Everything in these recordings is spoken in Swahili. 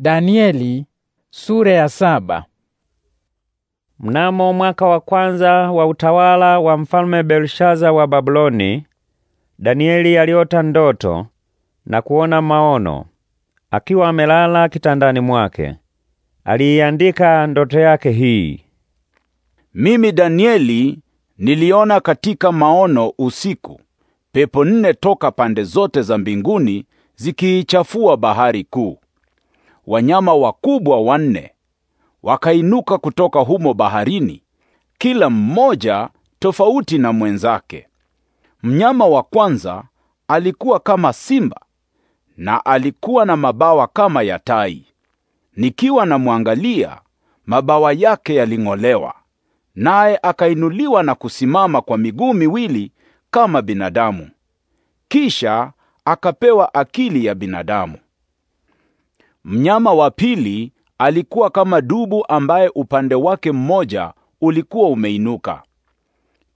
Danieli sura ya saba. Mnamo mwaka wa kwanza wa utawala wa mfalme Belshaza wa Babiloni, Danieli aliota ndoto na kuona maono. Akiwa amelala kitandani mwake, aliiandika ndoto yake hii: Mimi Danieli niliona katika maono usiku pepo nne toka pande zote za mbinguni zikiichafua bahari kuu wanyama wakubwa wanne wakainuka kutoka humo baharini, kila mmoja tofauti na mwenzake. Mnyama wa kwanza alikuwa kama simba na alikuwa na mabawa kama ya tai. Nikiwa namwangalia, mabawa yake yaling'olewa, naye akainuliwa na kusimama kwa miguu miwili kama binadamu. Kisha akapewa akili ya binadamu. Mnyama wa pili alikuwa kama dubu ambaye upande wake mmoja ulikuwa umeinuka.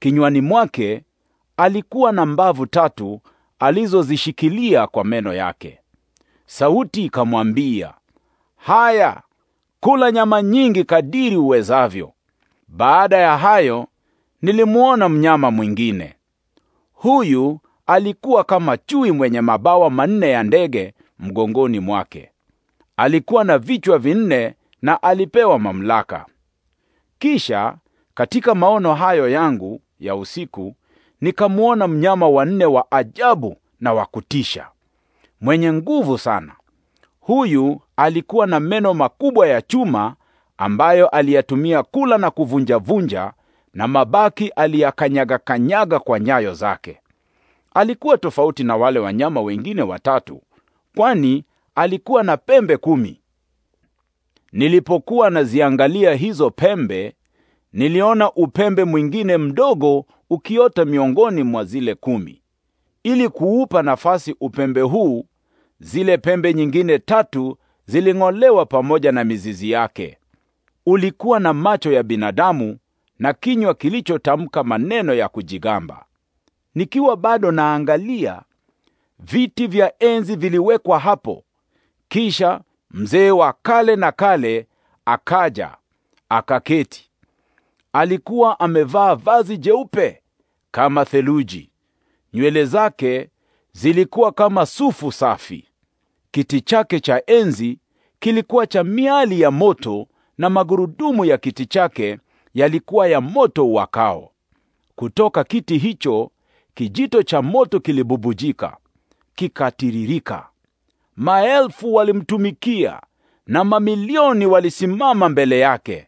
Kinywani mwake alikuwa na mbavu tatu alizozishikilia kwa meno yake. Sauti ikamwambia, "Haya, kula nyama nyingi kadiri uwezavyo." Baada ya hayo, nilimwona mnyama mwingine. Huyu alikuwa kama chui mwenye mabawa manne ya ndege mgongoni mwake. Alikuwa na vichwa vinne na alipewa mamlaka. Kisha katika maono hayo yangu ya usiku nikamwona mnyama wa nne wa ajabu na wa kutisha, mwenye nguvu sana. Huyu alikuwa na meno makubwa ya chuma ambayo aliyatumia kula na kuvunjavunja, na mabaki aliyakanyagakanyaga kwa nyayo zake. Alikuwa tofauti na wale wanyama wengine watatu, kwani alikuwa na pembe kumi. Nilipokuwa naziangalia hizo pembe, niliona upembe mwingine mdogo ukiota miongoni mwa zile kumi. Ili kuupa nafasi upembe huu, zile pembe nyingine tatu ziling'olewa pamoja na mizizi yake. Ulikuwa na macho ya binadamu na kinywa kilichotamka maneno ya kujigamba. Nikiwa bado naangalia, viti vya enzi viliwekwa hapo, kisha mzee wa kale na kale akaja akaketi. Alikuwa amevaa vazi jeupe kama theluji, nywele zake zilikuwa kama sufu safi. Kiti chake cha enzi kilikuwa cha miali ya moto, na magurudumu ya kiti chake yalikuwa ya moto uwakao. Kutoka kiti hicho kijito cha moto kilibubujika kikatiririka Maelfu walimtumikia na mamilioni walisimama mbele yake.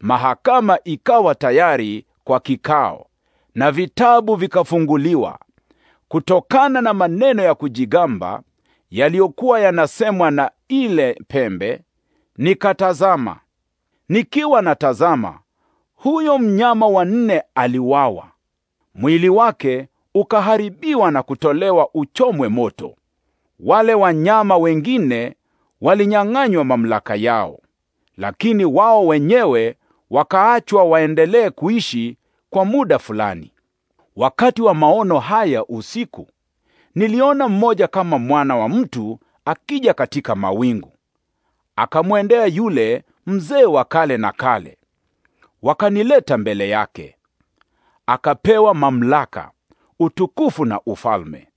Mahakama ikawa tayari kwa kikao na vitabu vikafunguliwa. Kutokana na maneno ya kujigamba yaliyokuwa yanasemwa na ile pembe, nikatazama. Nikiwa natazama, huyo mnyama wa nne aliwawa, mwili wake ukaharibiwa na kutolewa uchomwe moto wale wanyama wengine walinyang'anywa mamlaka yao, lakini wao wenyewe wakaachwa waendelee kuishi kwa muda fulani. Wakati wa maono haya usiku, niliona mmoja kama mwana wa mtu akija katika mawingu, akamwendea yule mzee wa kale na kale, wakanileta mbele yake. Akapewa mamlaka, utukufu na ufalme,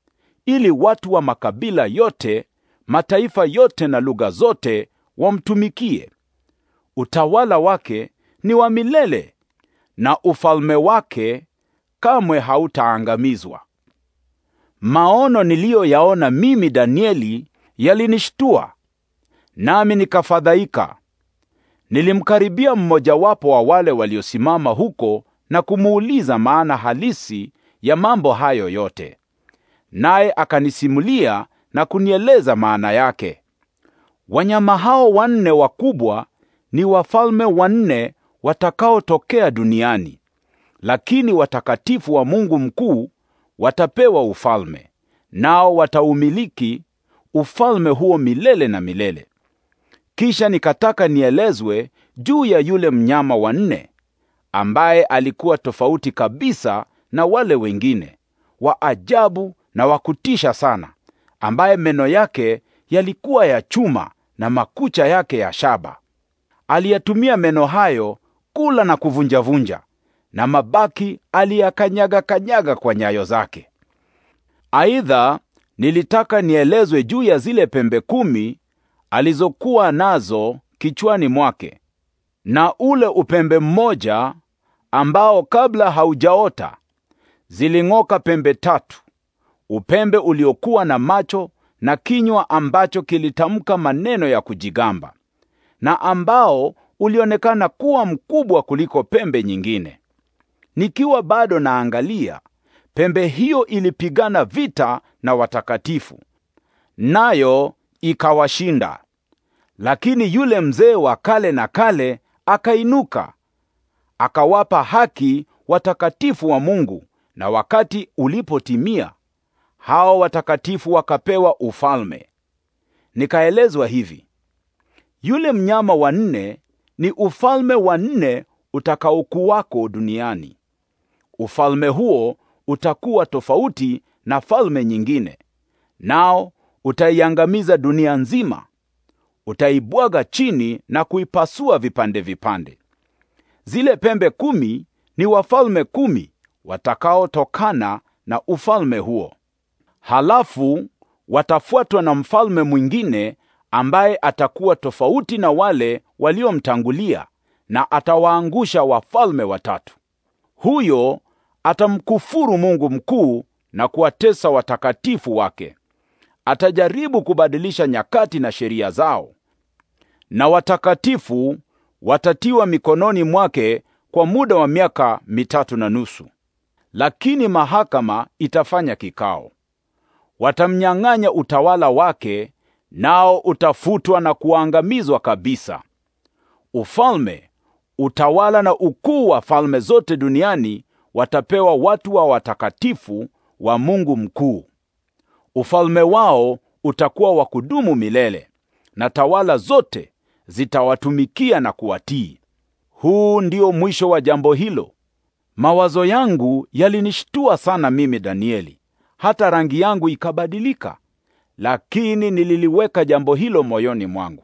ili watu wa makabila yote, mataifa yote na lugha zote wamtumikie. Utawala wake ni wa milele na ufalme wake kamwe hautaangamizwa. Maono niliyoyaona mimi Danieli yalinishtua, nami nikafadhaika. Nilimkaribia mmojawapo wa wale waliosimama huko na kumuuliza maana halisi ya mambo hayo yote naye akanisimulia na kunieleza maana yake. Wanyama hao wanne wakubwa ni wafalme wanne watakaotokea duniani, lakini watakatifu wa Mungu mkuu watapewa ufalme, nao wataumiliki ufalme huo milele na milele. Kisha nikataka nielezwe juu ya yule mnyama wa nne ambaye alikuwa tofauti kabisa na wale wengine, wa ajabu na wakutisha sana, ambaye meno yake yalikuwa ya chuma na makucha yake ya shaba. Aliyatumia meno hayo kula na kuvunjavunja, na mabaki aliyakanyaga kanyaga kwa nyayo zake. Aidha, nilitaka nielezwe juu ya zile pembe kumi alizokuwa nazo kichwani mwake na ule upembe mmoja ambao kabla haujaota ziling'oka pembe tatu upembe uliokuwa na macho na kinywa ambacho kilitamka maneno ya kujigamba, na ambao ulionekana kuwa mkubwa kuliko pembe nyingine. Nikiwa bado naangalia, pembe hiyo ilipigana vita na watakatifu, nayo ikawashinda. Lakini yule mzee wa kale na kale akainuka, akawapa haki watakatifu wa Mungu, na wakati ulipotimia hao watakatifu wakapewa ufalme. Nikaelezwa hivi: yule mnyama wa nne ni ufalme wa nne utakaokuwako duniani. Ufalme huo utakuwa tofauti na falme nyingine, nao utaiangamiza dunia nzima, utaibwaga chini na kuipasua vipande vipande. Zile pembe kumi ni wafalme kumi watakaotokana na ufalme huo. Halafu watafuatwa na mfalme mwingine ambaye atakuwa tofauti na wale waliomtangulia na atawaangusha wafalme watatu. Huyo atamkufuru Mungu mkuu na kuwatesa watakatifu wake. Atajaribu kubadilisha nyakati na sheria zao, na watakatifu watatiwa mikononi mwake kwa muda wa miaka mitatu na nusu. Lakini mahakama itafanya kikao watamnyang'anya utawala wake, nao utafutwa na kuangamizwa kabisa. Ufalme, utawala na ukuu wa falme zote duniani watapewa watu wa watakatifu wa Mungu mkuu. Ufalme wao utakuwa wa kudumu milele, na tawala zote zitawatumikia na kuwatii. Huu ndio mwisho wa jambo hilo. Mawazo yangu yalinishtua sana mimi Danieli hata rangi yangu ikabadilika, lakini nililiweka jambo hilo moyoni mwangu.